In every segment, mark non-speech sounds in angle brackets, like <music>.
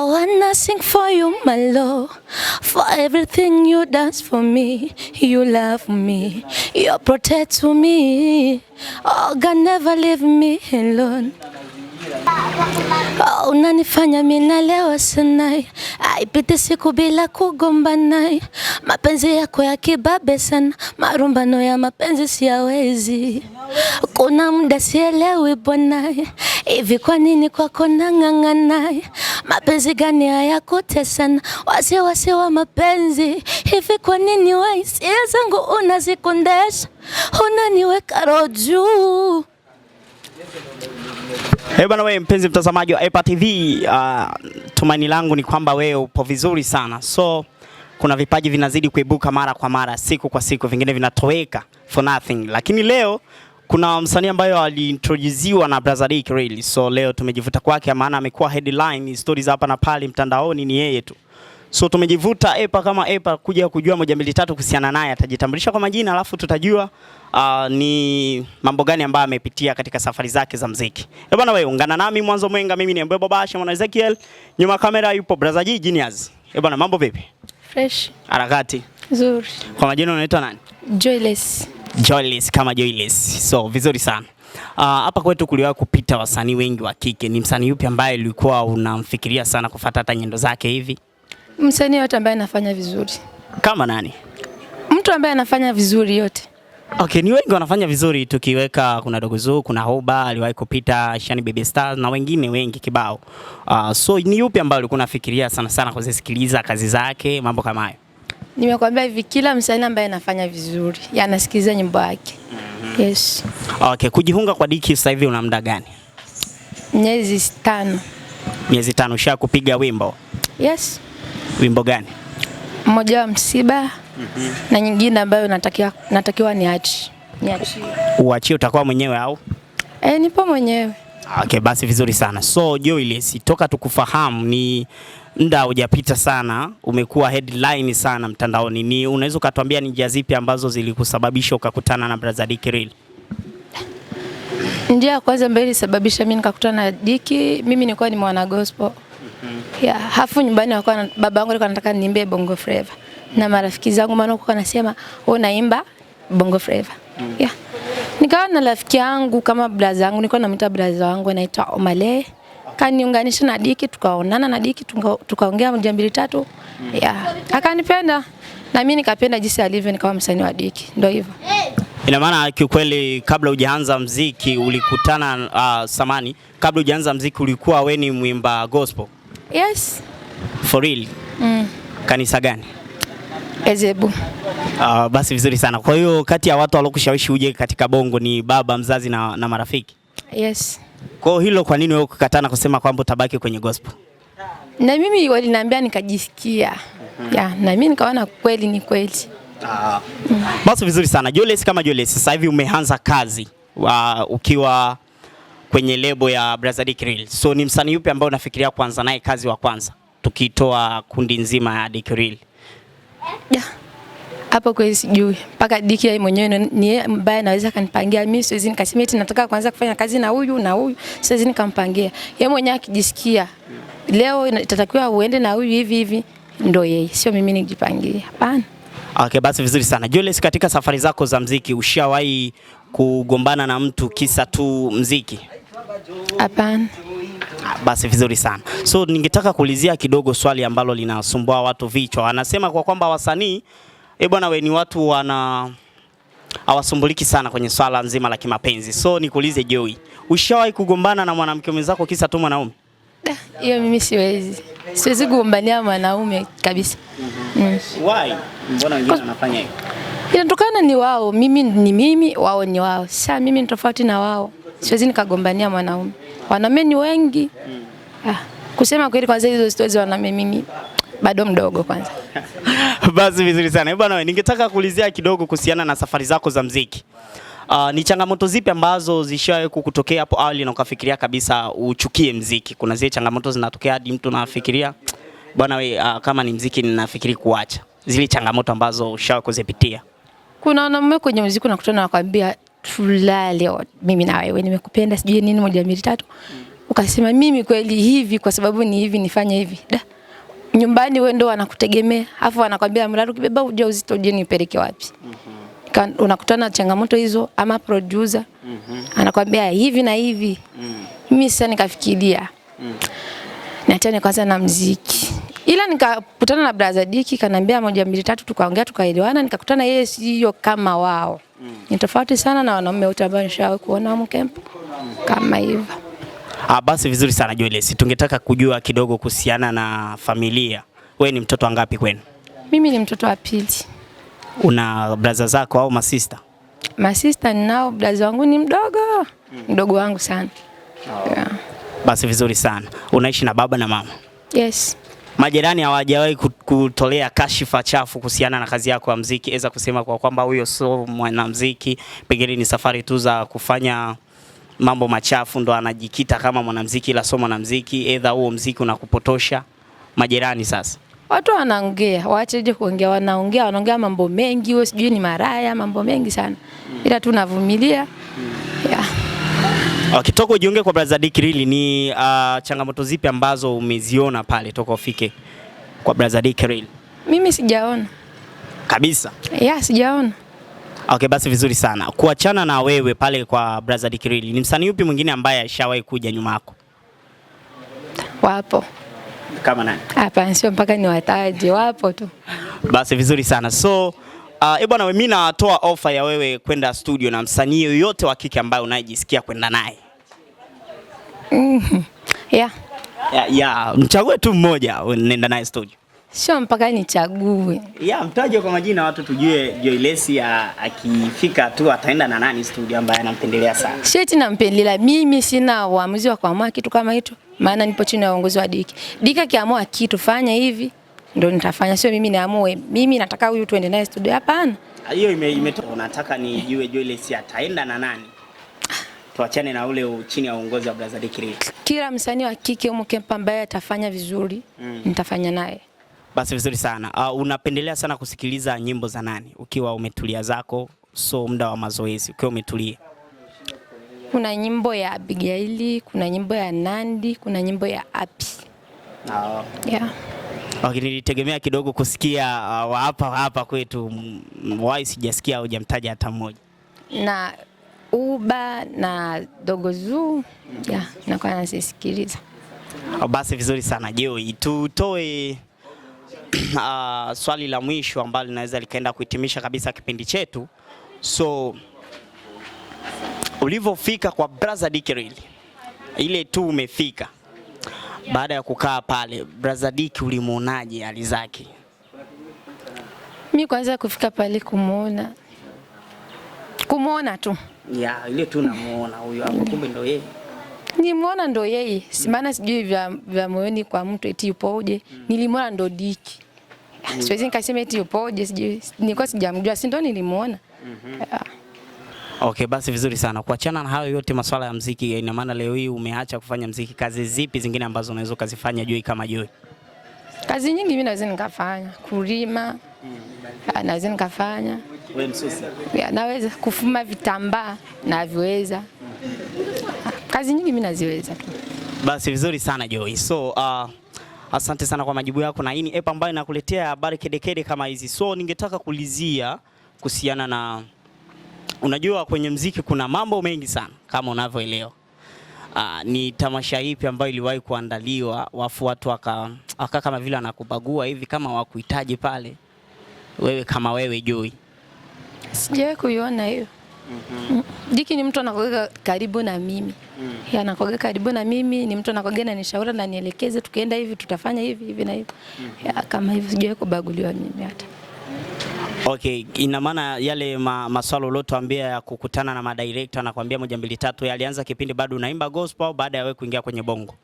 I wanna sing for you, my love. For everything you dance for me, you love me, you protect me. Oh, God, never leave me alone. Oh, unanifanya unanifanya minalewa sanai, aipite siku bila kugombanai, mapenzi yako ya kibabe sana, marumbano ya mapenzi siyawezi, kuna muda sielewi bwanai, hivi kwa nini kwako nang'ang'anai? Mapenzi gani kutesana Wasiwasi wa mapenzi, hivi kwa nini waisia zangu unazikundesha, unaniweka roho juu Eh, bwana wewe mpenzi mtazamaji wa Epa TV, uh, tumaini langu ni kwamba wewe upo vizuri sana. So kuna vipaji vinazidi kuibuka mara kwa mara, siku kwa siku, vingine vinatoweka for nothing. Lakini leo kuna msanii ambaye aliintroduziwa na Brother Dick really. So leo tumejivuta kwake, maana amekuwa headline stories hapa na pale mtandaoni, ni yeye tu. So tumejivuta Epa kama Epa kuja kujua moja mbili tatu kuhusiana naye, atajitambulisha kwa majina alafu tutajua uh, ni mambo gani ambayo amepitia katika safari zake za muziki. Eh, bwana wewe ungana nami mwanzo mwenga, mimi ni Mbebo Basha mwana Ezekiel, nyuma kamera yupo brother G Genius. Eh, bwana mambo vipi? Fresh. Harakati. Nzuri. Kwa majina unaitwa nani? Joyless. Joyless kama Joyless. So vizuri sana. Uh, Hapa kwetu kuliwahi kupita wasanii wengi wa kike. Ni msanii yupi ambaye ulikuwa unamfikiria sana kufuata hata nyendo zake hivi? Msanii yote ambaye anafanya vizuri. Kama nani? Mtu ambaye anafanya vizuri yote. Okay, ni wengi wanafanya vizuri tukiweka, kuna Dogo Dogozu, kuna Hoba aliwahi kupita Shani Baby Stars na wengine wengi kibao. Uh, so ni yupi ambaye ulikuwa unafikiria sana sana kuzisikiliza kazi zake, mambo kama hayo? Nimekuambia hivi kila msanii ambaye anafanya vizuri anasikiliza nyimbo yake. mm -hmm. Yes. Okay, kujiunga kwa Diki sasa hivi una muda gani? Miezi tano. Miezi tano ushakupiga wimbo? Yes. Wimbo gani? Mmoja wa msiba mm -hmm. na nyingine ambayo natakiwa, natakiwa niachi niachie. Uachie utakuwa mwenyewe au? E, nipo mwenyewe. Okay, basi vizuri sana. So Joyless, toka tukufahamu ni muda hujapita sana, umekuwa headline sana mtandaoni. Ni unaweza ukatuambia ni njia zipi ambazo zilikusababisha ukakutana na Brother Diki Real? Njia ya kwanza ambayo ilisababisha mimi nikakutana na Diki, mimi nilikuwa ni mwana gospel Mm. Yeah, hafu nyumbani wakawa baba yangu alikuwa anataka niimbe Bongo Flava na marafiki zangu, maana kwa anasema wewe unaimba Bongo Flava. Mm. Yeah. Nikawa na rafiki yangu kama brother yangu, nilikuwa namwita brother wangu anaitwa Omale. Kaniunganisha na Diki, tukaonana na Diki, tukaongea moja mbili tatu. Mm. Yeah. Akanipenda na mimi nikapenda jinsi alivyo, nikawa msanii wa Diki. Ndio hivyo. Ina maana kiukweli, kabla hujaanza mziki ulikutana uh, samani, kabla hujaanza mziki ulikuwa we ni mwimba gospel? Yes. For real? Mm. Kanisa gani? Ezebu. Uh, basi vizuri sana. Kwa hiyo kati ya watu walokushawishi uje katika Bongo ni baba mzazi na, na marafiki? Yes. Kwa hilo kwa nini wewe ukakatana kusema kwamba utabaki kwenye gospel? Na mimi waliniambia nikajisikia. Mm. Ya, na mimi nikaona kweli ni kweli. Uh, mm. Basi vizuri sana. Julius, kama Julius, sasa hivi umeanza kazi wa, ukiwa kwenye lebo ya Brother Krill. So ni msanii yupi ambaye unafikiria kwanza naye kazi wa kwanza tukitoa kundi nzima ya Krill? Yeah. Hapo kwa sijui mpaka Diki yeye mwenyewe ni yeye ambaye anaweza kanipangia mimi. Siwezi nikasema eti nataka kwanza kufanya kazi na huyu na huyu, siwezi nikampangia yeye mwenyewe. Akijisikia leo itatakiwa uende na huyu hivi hivi, ndio yeye, sio mimi nijipangie, hapana. Okay, basi vizuri sana Julius, katika safari zako za mziki ushawahi kugombana na mtu kisa tu mziki? Hapana. Ah, basi vizuri sana. So ningetaka kuulizia kidogo swali ambalo linasumbua watu vichwa. Wanasema kwa kwamba wasanii e, bwana we ni watu wana hawasumbuliki sana kwenye swala nzima la kimapenzi. So nikuulize Joey, ushawahi kugombana na mwanamke mwenzako kisa tu mwanaume? Hiyo mimi siwezi, siwezi kugombania mwanaume kabisa. Mm. Why? Mbona wengine wanafanya hivyo? Inatokana ni wao, mimi ni mimi, wao ni wao. Sasa mimi ni tofauti na wao siwezi nikagombania mwanaume, wanaume ni wengi. Ah, ah kusema kweli, kwanza hizo stori wanaume mimi bado mdogo kwanza. <laughs> Basi vizuri sana bwana, ningetaka kuulizia kidogo kuhusiana na safari zako za mziki. Uh, ah, ni changamoto zipi ambazo zishawahi kukutokea hapo awali na ukafikiria kabisa uchukie mziki? Kuna zile changamoto zinatokea hadi mtu nafikiria bwana we, uh, ah, kama ni mziki ninafikiri kuacha. Zile changamoto ambazo ushawahi kuzipitia. Kuna wanaume kwenye mziki unakutana nakwambia fulale mimi na wewe nimekupenda sijui nini moja mbili tatu, ukasema mimi kweli hivi kwa sababu ni hivi nifanye hivi da nyumbani wewe ndo wanakutegemea, afu wanakwambia mradi ukibeba ujauzito uje nipeleke wapi? mm -hmm. Unakutana na changamoto hizo, ama producer mm -hmm. anakwambia hivi na hivi. mm -hmm. sasa nikafikiria mm -hmm. niachane kwanza na mziki ila nikakutana na brother Diki kaniambia moja mbili tatu, tukaongea tukaelewana, nikakutana yeye sio kama wao mm. Ni tofauti sana na wanaume wote ambao nishawahi kuona huko kama hivyo. Ah, basi vizuri sana Julius, tungetaka kujua kidogo kuhusiana na familia. Wewe ni mtoto wangapi kwenu? Mimi ni mtoto wa pili. Una brother zako au masista? Masista ninao, brother wangu ni mdogo mm. mdogo wangu sana oh. yeah. Basi vizuri sana. Unaishi na baba na mama? Yes majirani hawajawahi kutolea kashifa chafu kuhusiana na kazi yako ya muziki, eza kusema kwa kwamba huyo sio mwanamziki pengine ni safari tu za kufanya mambo machafu ndo anajikita kama mwanamuziki, ila sio mwanamziki edha huo muziki unakupotosha majirani. Sasa watu wanaongea, waacheje kuongea? Wanaongea, wanaongea mambo mengi, wewe sijui ni maraya, mambo mengi sana, ila tunavumilia. Okay, toka ujiunge kwa Brother Dick really ni uh, changamoto zipi ambazo umeziona pale toka ufike kwa Brother Dick really? Mimi sijaona kabisa. Yeah, sijaona. Okay, basi vizuri sana. Kuachana na wewe pale kwa Brother Dick really, ni msanii yupi mwingine ambaye ashawahi kuja nyuma yako? Wapo. Kama nani? Hapana, sio mpaka niwataje, wapo tu. Basi vizuri sana. So Uh, bwana mimi natoa ofa ya wewe kwenda studio na msanii yoyote wa kike ambaye unayejisikia kwenda naye. Mm -hmm. Yeah. Yeah, yeah. Mchague tu mmoja nenda naye studio. Sio mpaka nichague. Yeah, mtaje kwa majina watu tujue Joylesi akifika tu ataenda na nani studio ambaye anampendelea sana. Sheti nampendelea. Mimi sina uamuzi wa kuamua kitu kama hicho, maana nipo chini ya uongozi wa Diki. Diki akiamua kitu fanya hivi ndo nitafanya, sio mimi naamue mimi nataka huyu tuende naye studio. Hapana, ah, hiyo ime Unataka nijue Joyce ataenda na nani? Tuachane na ule chini ya uongozi wa Brother Dicky. Kila msanii wa kike huko Kempa ambaye atafanya vizuri mm. nitafanya naye. Basi vizuri sana. Uh, unapendelea sana kusikiliza nyimbo za nani ukiwa umetulia zako, so muda wa mazoezi ukiwa umetulia? Kuna nyimbo ya Abigaili, kuna nyimbo ya Nandi, kuna nyimbo ya Api. Oh. Yeah. Okay, nilitegemea kidogo kusikia uh, wa hapa hapa kwetu wai, sijasikia hujamtaja hata mmoja na Uba na Dogozu yeah, nakuwa nasisikiliza oh, basi vizuri sana Joy, tutoe <clears throat> uh, swali la mwisho ambalo linaweza likaenda kuhitimisha kabisa kipindi chetu. So ulivyofika kwa brother Dikiril, ile tu umefika baada ya kukaa pale, brother Dicky ulimuonaje hali zake? Mi kwanza kufika pale kumuona kumuona tu ya ile tu namuona huyo hapo, kumbe ndo yeye nimuona ndo yeye, si maana sijui vya, vya moyoni kwa mtu eti upoje. Mm. Nilimwona ndo Dicky, mm. siwezi nikasema eti upoje, sijui nilikuwa sijamjua, si ndo nilimuona. mm -hmm. Okay, basi vizuri sana. Kuachana na hayo yote masuala ya mziki, ina maana leo hii umeacha kufanya mziki, kazi zipi zingine ambazo unaweza ukazifanya Joy kama Joy? Kazi nyingi mimi naweza nikafanya, kulima ah, naweza nikafanya, naweza kufuma vitambaa navyoweza, kazi nyingi mimi naziweza tu. Basi vizuri sana Joy. So uh, asante sana kwa majibu yako, na hii ni app ambayo inakuletea habari kedekede kama hizi. So ningetaka kulizia kuhusiana na Unajua kwenye mziki kuna mambo mengi sana kama unavyoelewa. Aa, ah, ni tamasha ipi ambayo iliwahi kuandaliwa wafu watu waka, waka kama vile anakubagua hivi kama wakuhitaji pale wewe kama wewe Joy? Sijawahi kuiona hiyo. Mm -hmm. Diki ni mtu anakoga karibu na mimi. Mm. Yeye anakoga karibu na mimi, ni mtu anakoga na nishauri na nielekeze tukienda hivi tutafanya hivi hivi na hivi. Mm -hmm. Ya, kama hivi sijawahi kubaguliwa mimi hata. Okay, ina maana yale ma, maswala uliotuambia ya kukutana na madirekta na kuambia moja mbili tatu yalianza kipindi bado unaimba gospel au baada ya wewe kuingia kwenye bongo?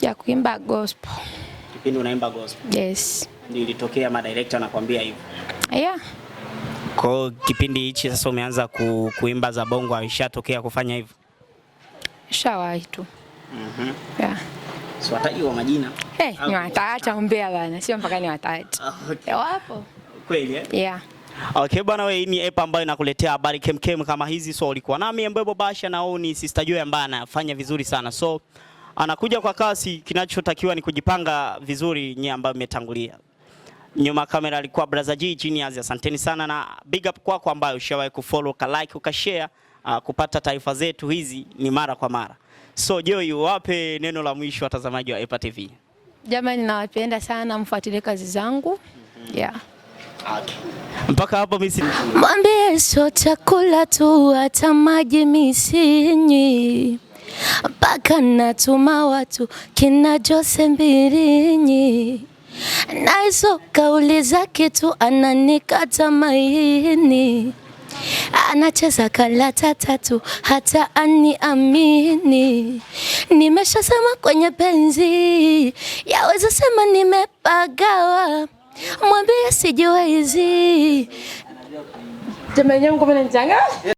Ya kuimba gospel. Kipindi unaimba gospel. Yes. Ndio ilitokea madirekta na kuambia hivyo. Yeah. Kwa kipindi hichi sasa umeanza ku, kuimba za bongo au ishatokea kufanya hivyo? Shawahi tu. Mhm. Mm yeah. So, wataji wa majina. Eh, hey, ni wataacha umbea bana, sio mpaka ni wataacha. Okay. Wapo. Kweli eh? Yeah. Okay, bwana wewe, hii ni app ambayo inakuletea habari kemkem kama hizi, so ulikuwa nami Mbwebo Basha na huyu ni Sister Joy ambaye anafanya vizuri sana, so anakuja kwa kasi. Kinachotakiwa ni kujipanga vizuri, nyie ambao mmetangulia nyuma kamera. Alikuwa brother G chini azi, asanteni sana na big up kwako kwa ambayo ushawahi kufollow, ka like, uka share, uh, kupata taarifa zetu hizi ni mara kwa mara. So Joy, wape neno la mwisho watazamaji wa EPA TV. Jamani, nawapenda sana, mfuatilie kazi zangu. mm -hmm. yeah. Mpaka hapo misi. mwambie, sio chakula tu, hata maji misinyi mpaka natuma watu kina Jose mbirinyi na hizo kauli za kitu ananikata maini, anacheza kalata tatu hata aniamini. Nimeshasema kwenye penzi, yaweza sema nimepagawa mwambie sijoezi jamani yangu, mimi nitanga